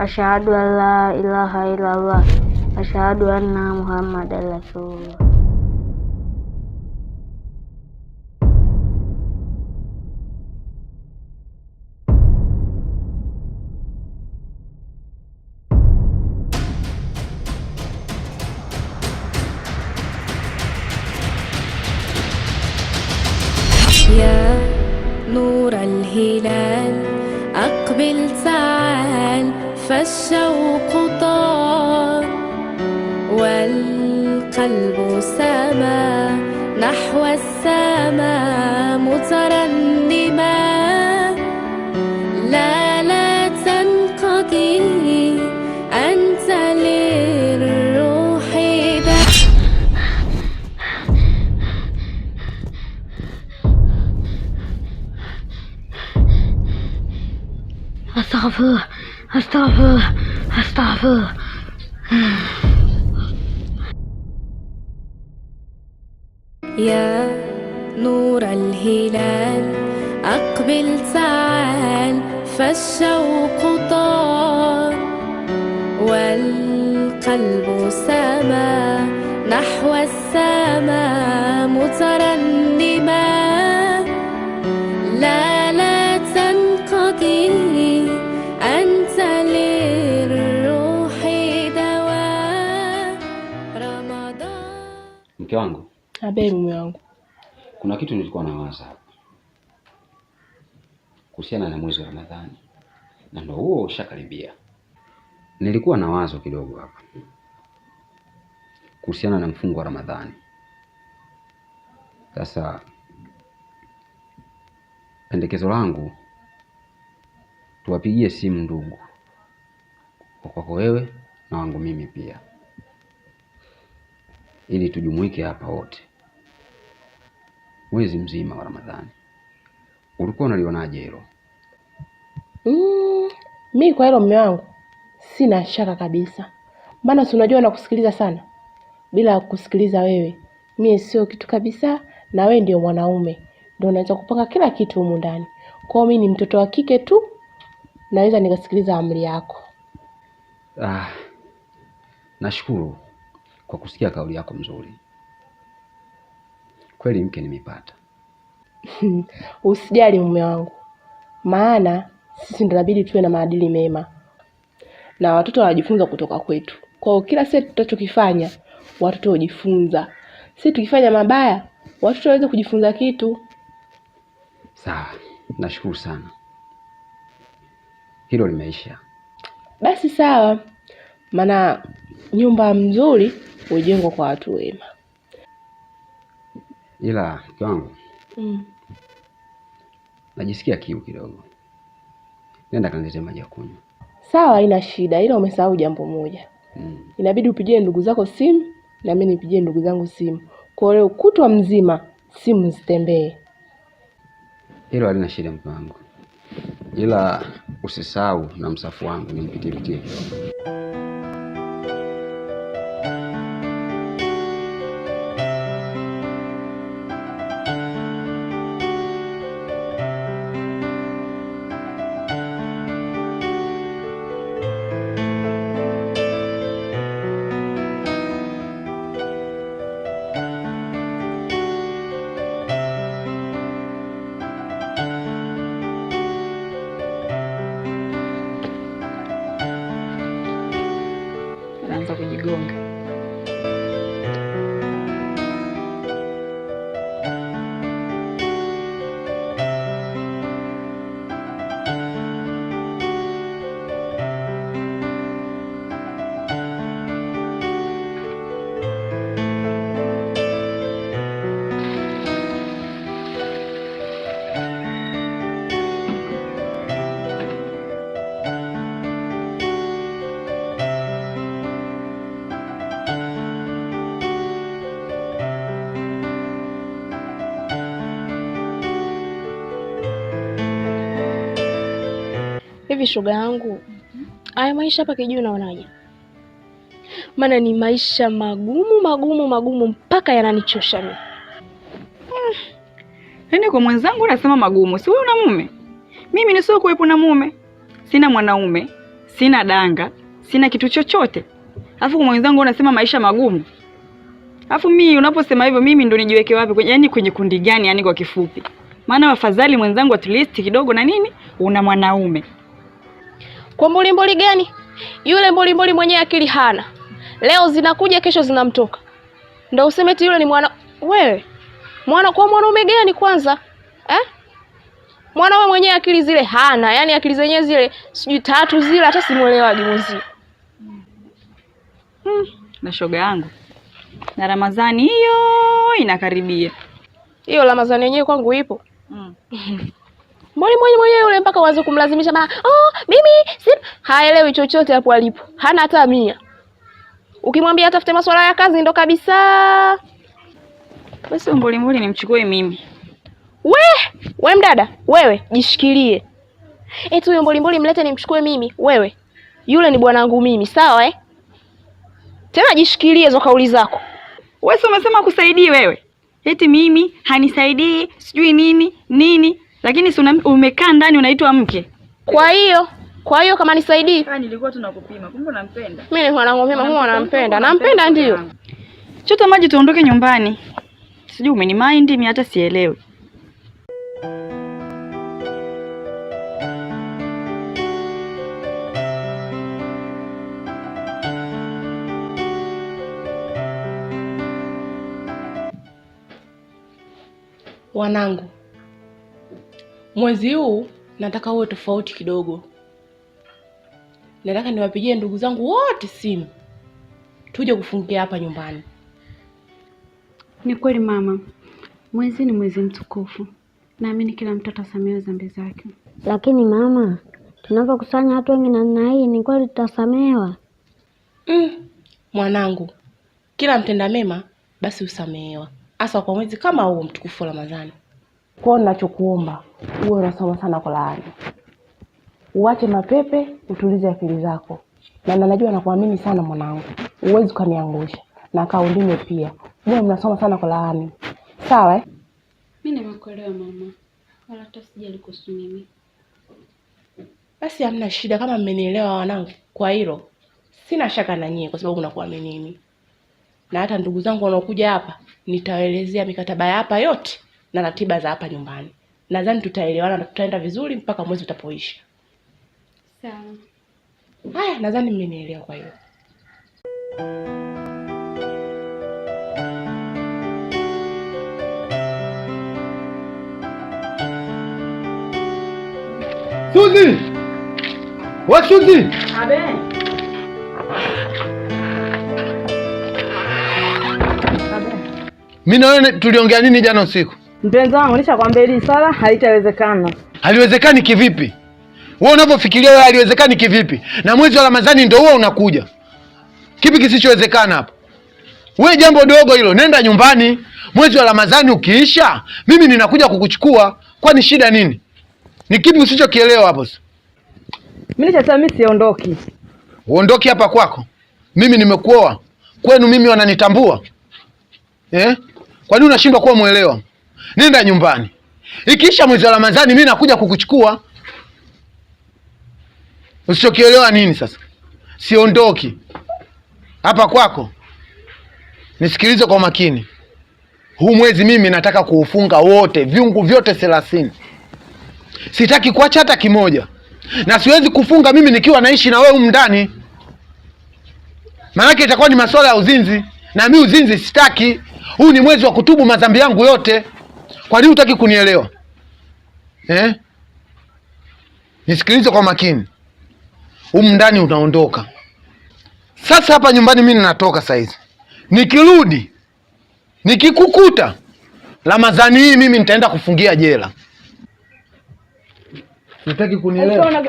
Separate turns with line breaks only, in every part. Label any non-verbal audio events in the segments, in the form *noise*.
Asyhadu an la ilaha illallah. Asyhadu anna Muhammadan Rasulullah. استغفر الله استغفر الله
يا نور الهلال أقبل تعال فالشوق طار والقلب سار
mke wangu?
Abe, mume wangu.
Kuna kitu nilikuwa nawaza hapa kuhusiana na mwezi wa Ramadhani, na ndio huo ushakaribia. Nilikuwa na wazo kidogo hapa kuhusiana na mfungo wa Ramadhani. Sasa pendekezo langu tuwapigie simu ndugu, kwako wewe na wangu mimi pia ili tujumuike hapa wote. Mwezi mzima wa Ramadhani, ulikuwa unalionaje hilo?
Mm, mi kwa hilo mme wangu sina shaka kabisa, maana si unajua nakusikiliza sana. Bila kusikiliza wewe, mie sio kitu kabisa, na wewe ndio mwanaume, ndio unaweza kupanga kila kitu humu ndani. Kwao mi ni mtoto wa kike tu, naweza nikasikiliza amri yako.
Ah, nashukuru kwa kusikia kauli yako mzuri. Kweli mke nimepata.
*laughs* Usijali mume wangu, maana sisi ndinabidi tuwe na maadili mema na watoto wanajifunza kutoka kwetu. Kwa hiyo kila sisi tutachokifanya watoto wajifunza, si tukifanya mabaya watoto waweze kujifunza kitu.
Sawa, nashukuru sana, hilo limeisha.
Basi sawa, maana nyumba mzuri hujengwa kwa watu wema.
Ila kwangu mm. najisikia kiu kidogo, nenda kanilete maji ya kunywa.
Sawa, haina shida, ila umesahau jambo moja. mm. inabidi upigie ndugu zako simu na mimi nipigie ndugu zangu simu, kwa leo kutwa mzima simu zitembee.
Hilo halina shida mke wangu, ila usisahau na msafu wangu nimpitie pitie kidogo.
hivi shoga yangu, haya maisha hapa kijui unaonaje? Maana ni maisha magumu magumu magumu mpaka yananichosha mimi. Ah, Nende kwa mwenzangu nasema magumu. Si wewe una mume? Mimi ni sio kuwepo na mume. Sina mwanaume, sina danga, sina kitu chochote. Alafu kwa mwenzangu unasema maisha magumu. Alafu mimi unaposema hivyo mimi ndo nijiweke wapi? Yaani kwenye kundi gani yani kwa kifupi? Maana wafadhali mwenzangu at least kidogo na nini? Una mwanaume. Kwa mbulimbuli gani? Yule mbulimbuli mwenyewe akili hana, leo zinakuja, kesho zinamtoka, ndo useme eti yule ni mwana wewe. Mwana kwa mwanaume gani kwanza eh? Mwanaume mwenyewe akili zile hana, yaani akili zenyewe zile sijui tatu zile, hata simuelewagi mwenzi. Hmm. Na shoga yangu na Ramadhani hiyo inakaribia, hiyo Ramadhani yenyewe kwangu ipo hmm. *laughs* mwalimu mwenyewe yule mpaka uanze kumlazimisha maa, oh, mimi si haelewi chochote hapo alipo, hana hata mia. Ukimwambia tafute masuala ya kazi ndo kabisa. Basi mbulimbuli nimchukue mimi. We, we mdada, wewe jishikilie. Eti huyo mbulimbuli mlete nimchukue mimi, wewe. Yule ni bwanangu mimi, sawa eh? Tena jishikilie hizo kauli zako. Wewe umesema kusaidii wewe. Eti mimi hanisaidii, sijui nini, nini. Lakini si umekaa ndani unaitwa mke? Kwa hiyo kwa hiyo kama nisaidii.
Ah, nilikuwa tunakupima. Kumbe unampenda.
Mimi nilikuwa nakupima, kumbe unampenda. Nampenda ndio. Chota maji tuondoke nyumbani. Sijui umenimind mimi hata sielewi. Wanangu, Mwezi huu nataka uwe tofauti kidogo. Nataka niwapigie ndugu zangu wote simu tuje kufungia hapa nyumbani.
Ni kweli mama, mwezi ni mwezi mtukufu, naamini kila mtu atasamehewa dhambi zake.
Lakini mama, tunapokusanya watu wengi namna hii, ni kweli tutasamehewa?
Mm, mwanangu, kila mtenda mema basi usamehewa hasa kwa mwezi kama huu mtukufu wa Ramadhani.
Kwao ninachokuomba uwe unasoma sana Qurani, uache mapepe, utulize akili zako, na najua nakuamini sana mwanangu, uwezi ukaniangusha na kaundime pia. Uwe mnasoma sana Qurani, sawa eh?
nimekuelewa mama, wala hata sijali kuhusu mimi.
Basi hamna shida, kama mmenielewa wanangu, kwa hilo sina shaka na nyie, kwa sababu nakuaminini na hata ndugu zangu wanaokuja hapa nitawaelezea mikataba ya hapa yote na ratiba za hapa nyumbani. Nadhani tutaelewana na tutaenda vizuri mpaka mwezi utapoisha. Sawa. Haya, nadhani mmenielewa kwa hiyo.
Suzi! Wa Suzi! Abe. Mimi na tuliongea nini jana usiku?
Mpenzi wangu, nishakwambia hili swala halitawezekana.
Haliwezekani kivipi? Wewe unavyofikiria wewe haliwezekani kivipi? Na mwezi wa Ramadhani ndio huo unakuja. Kipi kisichowezekana hapo? Wewe jambo dogo hilo, nenda nyumbani. Mwezi wa Ramadhani ukiisha, mimi ninakuja kukuchukua. Kwani shida nini? Ni kipi usichokielewa hapo?
Mimi nichasema mimi siondoki.
Uondoki hapa kwako? Mimi nimekuoa. Kwenu mimi wananitambua. Eh? Kwa nini unashindwa kuwa mwelewa? nenda nyumbani. Ikiisha mwezi wa Ramadhani mimi nakuja kukuchukua. Usichokielewa nini sasa? Siondoki hapa kwako, nisikilize kwa makini. Huu mwezi mimi nataka kuufunga wote, viungu vyote thelathini. Sitaki kuacha hata kimoja, na siwezi kufunga mimi nikiwa naishi na wewe humu ndani, maanake itakuwa ni masuala ya uzinzi, na mimi uzinzi sitaki. Huu ni mwezi wa kutubu madhambi yangu yote. Kwa nini hutaki kunielewa eh? Nisikilize kwa makini, humu ndani unaondoka sasa. Hapa nyumbani mimi ninatoka saizi, nikirudi nikikukuta Ramadhani hii mimi nitaenda kufungia jela. Nataki kunielewa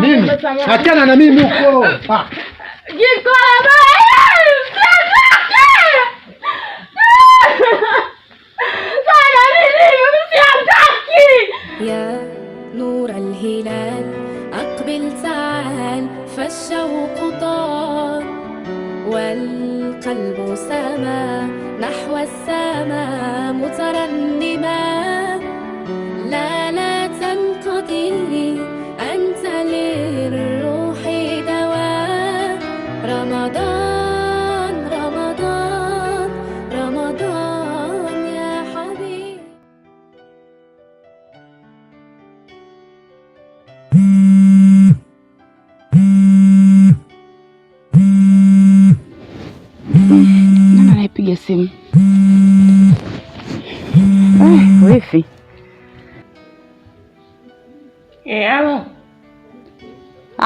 mimi? Achana na mimi huko.
*laughs*
الهلال أقبل تعال فالشوق طار والقلب سما نحو السماء مترنما لا لا تنقضي أنت للروح دواء رمضان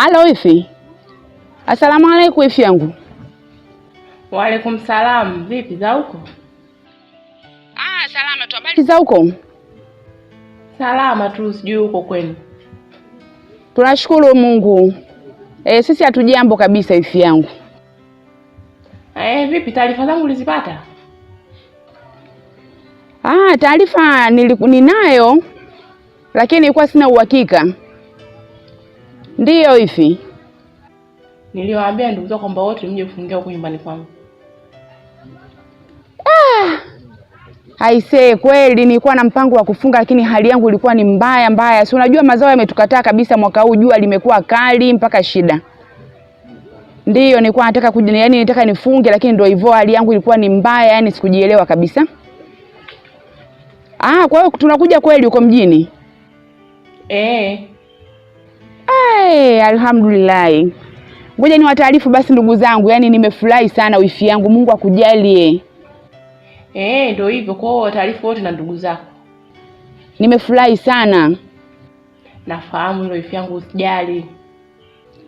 Halo ifi, asalamu alaikum. Ifi yangu,
waalaikum salamu. Vipi za huko?
Ah, salama tu. Habari
za huko?
Salama tu, sijui huko kwenu.
Tunashukuru Mungu. E, sisi hatujambo kabisa ifi yangu.
E, vipi taarifa zangu ulizipata?
Ah, taarifa ninayo, lakini ilikuwa sina uhakika Ndiyo hivi
niliwaambia ndugu zako kwamba wote mje kufungia huko nyumbani kwangu.
Ah, aisee, kweli nilikuwa na mpango wa kufunga, lakini hali yangu ilikuwa ni mbaya mbaya. Si unajua mazao yametukataa kabisa mwaka huu, jua limekuwa kali mpaka shida. Ndiyo nilikuwa nataka kuja, yani nitaka nifunge, lakini ndio hivyo, hali yangu ilikuwa ni mbaya, yani sikujielewa kabisa. Ah, kwa hiyo tunakuja kweli huko mjini eh? Alhamdulillah. Ngoja ni wataarifu basi ndugu zangu, yaani nimefurahi sana wifi yangu, Mungu akujalie.
Eh, ndio hivyo. Kwa hiyo wataarifu wote na ndugu zako.
Nimefurahi sana.
Nafahamu hilo wifi yangu, usijali.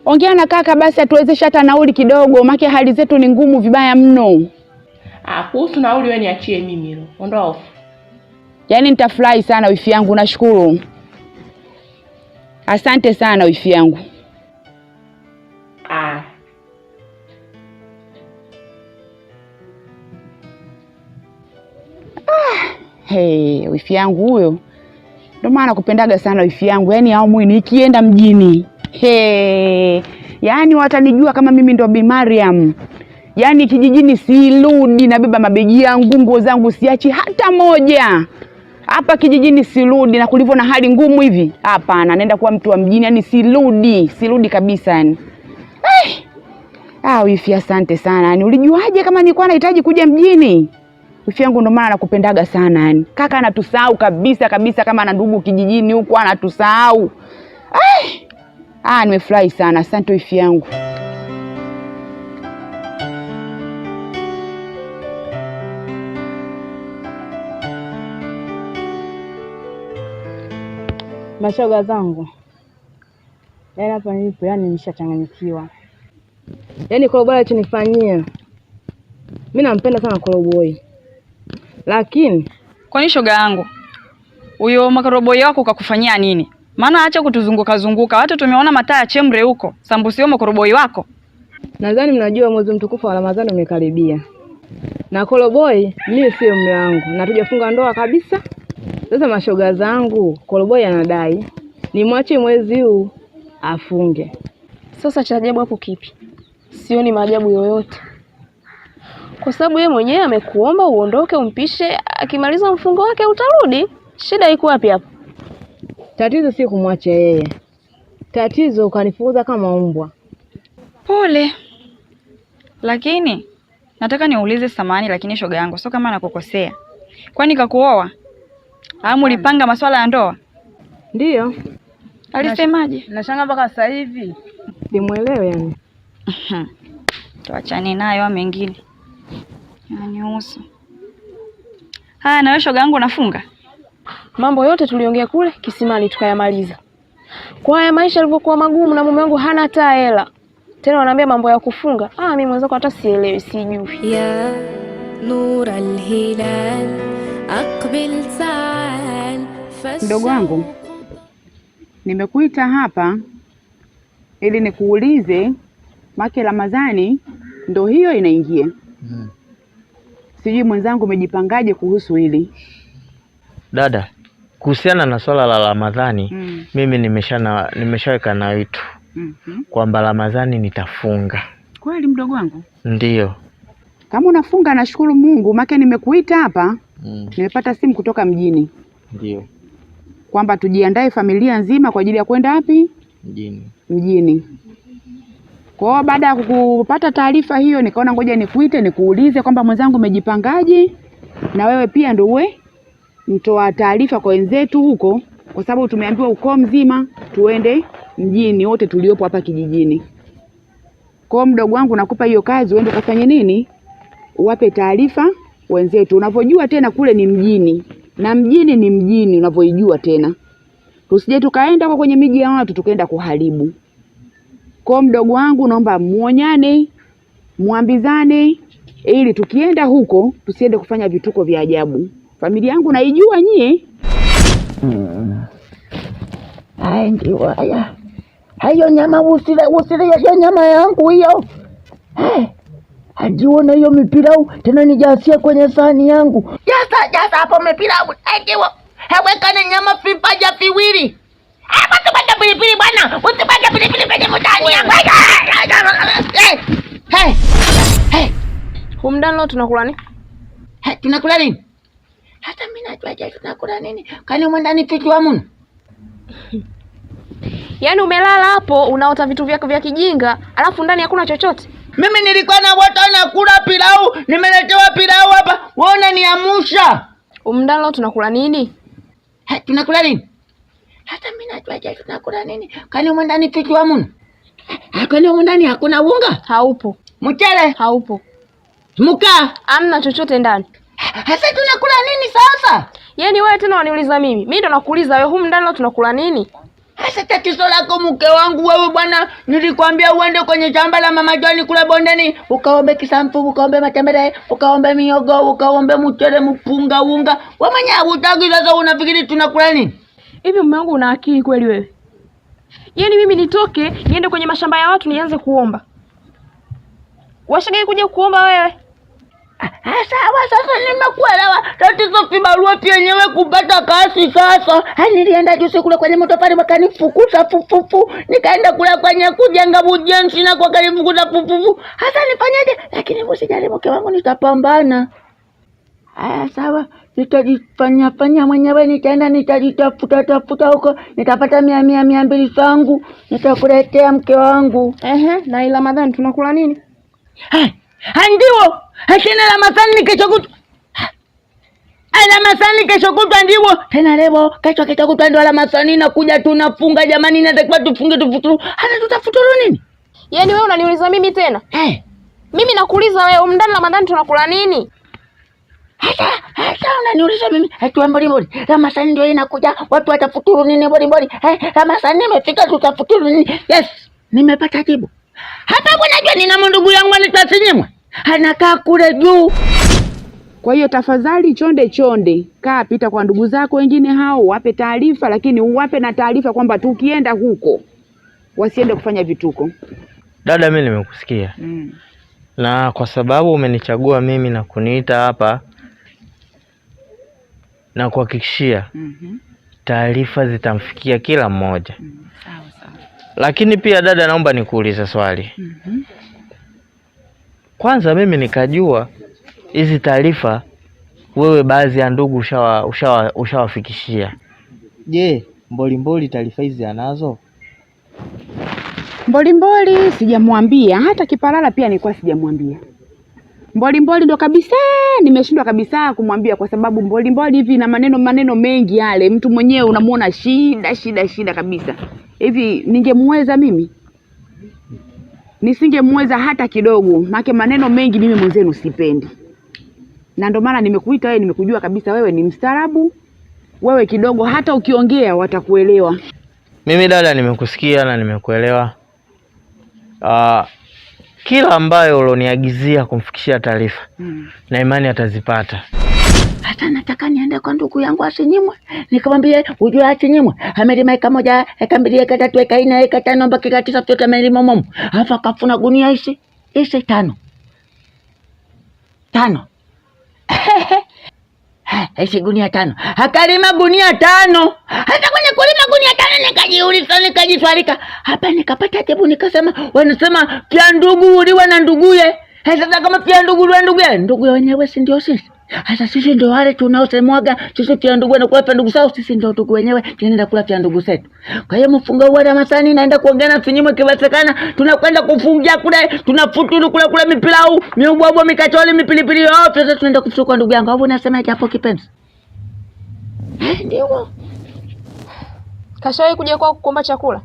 Ongea na kaka basi atuwezeshe hata nauli kidogo, maana hali zetu ni ngumu vibaya mno.
Ah, kuhusu nauli wewe niachie mimi hilo. Ondoa hofu.
Yaani nitafurahi sana wifi yangu, nashukuru. Asante sana wifi yangu. Ah. Ah, hey, wifi yangu huyo ndio maana kupendaga sana wifi yangu, yaani aumwi nikienda mjini hey. Yaani watanijua kama mimi ndo Bi Mariam. Yaani kijijini sirudi, nabeba mabegi yangu, nguo zangu siachi hata moja hapa kijijini sirudi, na kulivyo na hali ngumu hivi, hapana, naenda kuwa mtu wa mjini, yani sirudi, sirudi kabisa yani. Eh! Ah, wifi asante sana. yani. ulijuaje kama nilikuwa nahitaji kuja mjini? Wifi yangu ndo maana nakupendaga sana yani. Kaka anatusahau kabisa kabisa kama ana ndugu kijijini huko anatusahau. Eh! Ah, nimefurahi sana. Asante wifi yangu. mashoga zangu, yaani hapa nilipo, yaani nishachanganyikiwa, yaani Koroboi alichonifanyia mi. Nampenda sana Koroboi, lakini kwani shoga yangu huyo makoroboi wako ukakufanyia nini? Maana acha kutuzunguka zunguka, watu tumeona mataa ya chemre huko sambu, sio makoroboi wako. Nadhani mnajua mwezi mtukufu wa Ramadhani umekaribia, na Koroboi mimi sio mume wangu na tujafunga ndoa kabisa. Sasa mashoga zangu, Koloboi anadai nimwache mwezi huu afunge. Sasa cha ajabu hapo kipi? Sioni maajabu yoyote, kwa sababu yeye mwenyewe amekuomba uondoke, umpishe. Akimaliza mfungo wake utarudi. Shida iko wapi hapo? Tatizo si kumwacha yeye, tatizo ukanifukuza kama umbwa. Pole, lakini nataka niulize samani, lakini shoga yangu, sio kama nakukosea, kwani kakuoa amu lipanga masuala ya ndoa? Ndiyo. Alisemaje?
Nashanga mpaka sasa hivi
simuelewe yani. Tuachane nayo mengine ananihusu. Haya, na wewe shoga yangu Mambo yote tuliongea kule kisimani tukayamaliza. Kwa haya maisha yalivyokuwa magumu na mume wangu hana hata hela. Tena wanaambia mambo ya kufunga. Ah, mimi mwenzako hata sielewi, sijui.
Ya Nur al-Hilal
Mdogo wangu, nimekuita hapa ili nikuulize, make Ramadhani ndo hiyo inaingia hmm. Sijui mwenzangu umejipangaje kuhusu hili
dada, kuhusiana na swala la Ramadhani hmm. Mimi nimesha nimeshaweka na witu -hmm. kwamba Ramadhani nitafunga.
Kweli mdogo wangu? Ndiyo. Kama unafunga nashukuru Mungu, make nimekuita hapa mm. Nilipata simu kutoka mjini, ndio kwamba tujiandae familia nzima kwa ajili ya kwenda wapi? Mjini, mjini. Kwa hiyo baada ya kupata taarifa hiyo, nikaona ngoja nikuite nikuulize kwamba mwenzangu, umejipangaje na wewe pia ndio uwe mtoa taarifa kwa wenzetu huko, kwa sababu tumeambiwa ukoo mzima tuende mjini wote tuliopo hapa kijijini. Kwa hiyo mdogo wangu, nakupa hiyo kazi uende ukafanye nini, uwape taarifa wenzetu, unavyojua tena kule ni mjini na mjini ni mjini, unavyoijua tena. Tusije tukaenda kwa kwenye miji ya watu tukaenda kuharibu. Kwa mdogo wangu, naomba muonyane, muambizane, ili tukienda huko tusiende kufanya vituko vya ajabu. Familia yangu naijua nyie. Hmm. ndio haya, hayo nyama usile, usile hiyo nyama yangu hiyo. Eh ajiona hiyo mipilau tena nijasia kwenye sahani yangu. Jasa jasa hapo mipilau ajiwa eh, heweka eh, na nyama vipaja viwili. Hapa ah, tupate pilipili bwana, Usipate pilipili kwenye mtaani yangu. Hey, eh, hey, humdani leo tunakula nini? Hey, tunakula nini? Hata mimi najua je, tunakula nini? Kani mwendani kichwa mun. *laughs* Yaani umelala hapo unaota vitu vyako vya kijinga, alafu ndani hakuna chochote. Mimi nilikuwa na watu nakula pilau, nimeletewa pilau hapa, wewe unaniamusha. Umdalo tunakula nini? Ha, tunakula nini? Hata mimi najua je, tunakula nini? Kani umo ndani kitu hamuna? Hakuna umo ndani hakuna unga? Haupo. Mchele? Haupo. Muka? amna chochote ndani. Sasa tunakula nini sasa? Yaani wewe tena waniuliza mimi. Mimi ndo nakuuliza wewe, humu ndani tunakula nini? Hasa tatizo lako mke wangu wewe bwana, nilikwambia uende kwenye shamba la mama Joni kule bondeni, ukaombe kisamfu, ukaombe matembele, ukaombe miogo, ukaombe mchele, mpunga, unga. Wewe mwenyewe hutaki, sasa unafikiri tunakula nini? Hivi mume wangu una akili kweli wewe? Yaani mimi nitoke niende kwenye mashamba ya watu nianze kuomba? Washagai kuja kuomba wewe? Sawa, sasa nimekuelewa. Tatizo vibarua vyenyewe kupata kasi sasa. Nilienda juzi kule kwenye matofali wakanifukuza fufufu, nikaenda kule kwenye kujenga bujenzi na kwa kanifukuza fufufu. Hasa nifanyaje? Lakini msijali, mke wangu, nitapambana. Aya, sawa, nitajifanya fanya mwenyewe, nitaenda nitajitafuta tafuta huko, nitapata mia mia mia mbili zangu, nitakuletea mke wangu. Ehe, na ila madhani tunakula nini? Hai. Andiwo akina la masani kesho ana masani kesho kutwa ndiwo tena lebo kesho kesho kutwa ndio la masani kuja tunafunga jamani, natakiwa tufunge tufuturu, hata tutafuturu nini? Yaani wewe unaniuliza mimi tena hey? Eh. Mimi nakuuliza wewe, umndani Ramadhani tunakula nini? Hata hata unaniuliza mimi wa eh, mbori mbori, Ramadhani ndio inakuja, watu watafuturu nini? Mbori mbori, eh, Ramadhani imefika, tutafuturu nini? Yes, nimepata jibu Hata Bwana, najua nina ndugu yangu anitasinyimwa anakaa kule juu. Kwa hiyo tafadhali, chonde chonde, kaa pita kwa ndugu zako wengine hao, wape taarifa, lakini uwape na taarifa kwamba tukienda huko wasiende kufanya vituko.
Dada, mimi nimekusikia mm. na kwa sababu umenichagua mimi na kuniita hapa na kuhakikishia mm -hmm. taarifa zitamfikia kila mmoja mm. Sawa sawa, lakini pia dada, naomba nikuulize swali mm -hmm. Kwanza mimi nikajua hizi taarifa wewe baadhi ya ndugu ushawa ushawa ushawafikishia.
Je, Mbolimboli taarifa hizi anazo?
Mbolimboli sijamwambia, hata Kiparala pia nilikuwa sijamwambia. Mbolimboli ndo kabisa nimeshindwa kabisa kumwambia, kwa sababu mbolimboli hivi na maneno maneno mengi yale, mtu mwenyewe unamwona shida shida shida kabisa hivi, ningemweza mimi nisingemweza hata kidogo, make maneno mengi mimi mwenzenu sipendi, na ndio maana nimekuita wewe. Nimekujua kabisa wewe ni mstaarabu, wewe kidogo hata ukiongea watakuelewa.
Mimi dada, nimekusikia na nimekuelewa. Uh, kila ambayo uloniagizia kumfikishia taarifa hmm, na imani atazipata
hata nataka niende kwa ndugu yangu asinyimwe, Nikamwambia ujua asinyimwe, amelima eka moja, eka mbili, eka tatu, eka nne, eka tano, mpaka eka tisa, vyote amelima momo, alafu akafuna gunia isi isi tano tano *laughs* isi gunia tano, akalima gunia tano. Hata kwenye kulima gunia tano nikajiuliza, nikajiswalika hapa, nikapata jibu, nikasema wanasema, kia ndugu uliwa na nduguye. Eh, sasa kama pia ndugu uliwa nduguye, ndugu wenyewe si ndio sisi? Hasa sisi ndo wale tunaosemwaga sisi pia ndugu na kula ndugu zao, sisi ndo ndugu wenyewe, tunaenda kula pia ndugu zetu. Kwa hiyo mfunga uwa Ramadhani, naenda kuongea na sinyimo, kiwezekana, tunakwenda kufungia kule, tunafuturu kule kule mipilau, miubwabwa, mikacholi, mipilipili yote sasa tunaenda kufuka ndugu yangu. unasema eti hapo kipenzi. Eh, ndio. Kashawahi kuja kwa kukomba chakula?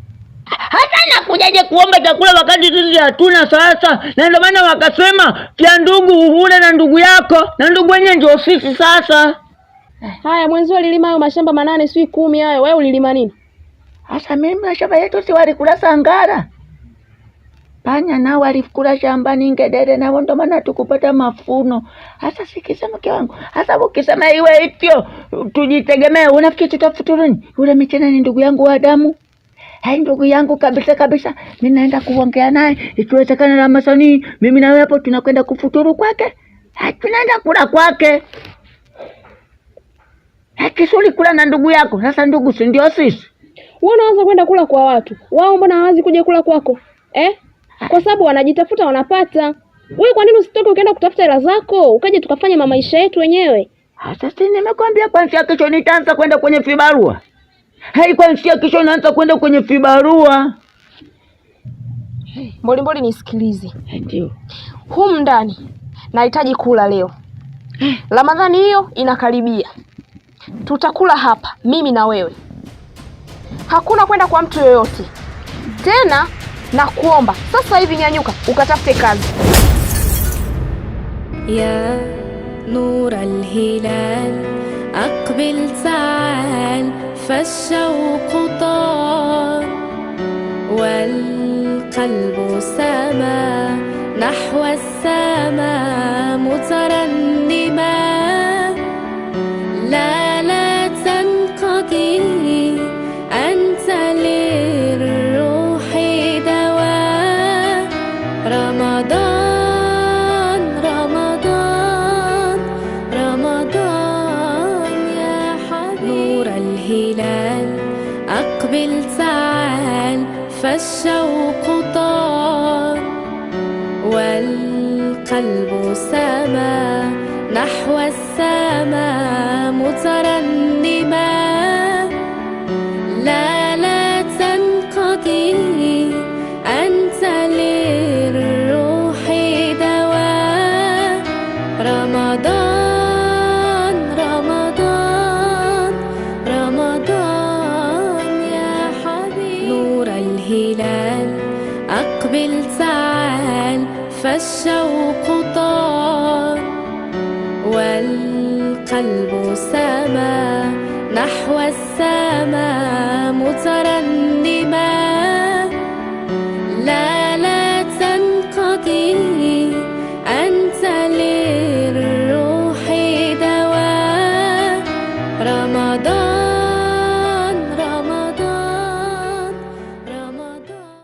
hata nakujaje kuomba chakula wakati sisi hatuna? Sasa na ndio maana wakasema pia ndugu uvune na ndugu yako, na ndugu wenyewe ndio sisi. Sasa haya, mwenzio alilima hayo mashamba manane si kumi hayo, wewe ulilima nini? sasa? mimi mashamba yetu si walikula sangara, panya nao walikula shambani, ngedere na ndio maana tukupata mafuno. Hasa sikiza mke wangu, hasa ukisema iwe hivyo tujitegemee, unafikiri tutafuturuni nini? Yule michena ni ndugu yangu wa damu hai ndugu yangu kabisa kabisa, mi naenda kuongea naye, ikiwezekana na Masanii, mimi na tunakwenda kufuturu kwake, tunaenda kula kwake. Kisuli kula na ndugu yako. Sasa ndugu, si ndio sisi? Wanaanza kwenda kula kwa watu wao, mbona hawazi kuja kula kwako eh? Kwa sababu wanajitafuta wanapata. Wewe kwa nini usitoke ukaenda kutafuta hela zako ukaje tukafanya maisha yetu wenyewe? Sasa nimekwambia, kwanza, kesho nitaanza kwenda kwenye vibarua haikwaishia hey, kesho unaanza kwenda kwenye vibarua. Hey, Mbolimboli nisikilize. Ndio. Humu ndani nahitaji kula leo. Ramadhani hiyo inakaribia, tutakula hapa mimi na wewe, hakuna kwenda kwa mtu yoyote tena. Nakuomba sasa hivi nyanyuka ukatafute kazi
ya nur alhilal aqbil saal فالشوق طار والقلب سما نحو السما مترنما سما نحو السماء مترنما لا لا تنقضي أنت للروح دواء رمضان رمضان رمضان يا حبيبي نور الهلال أقبل تعال فالشوق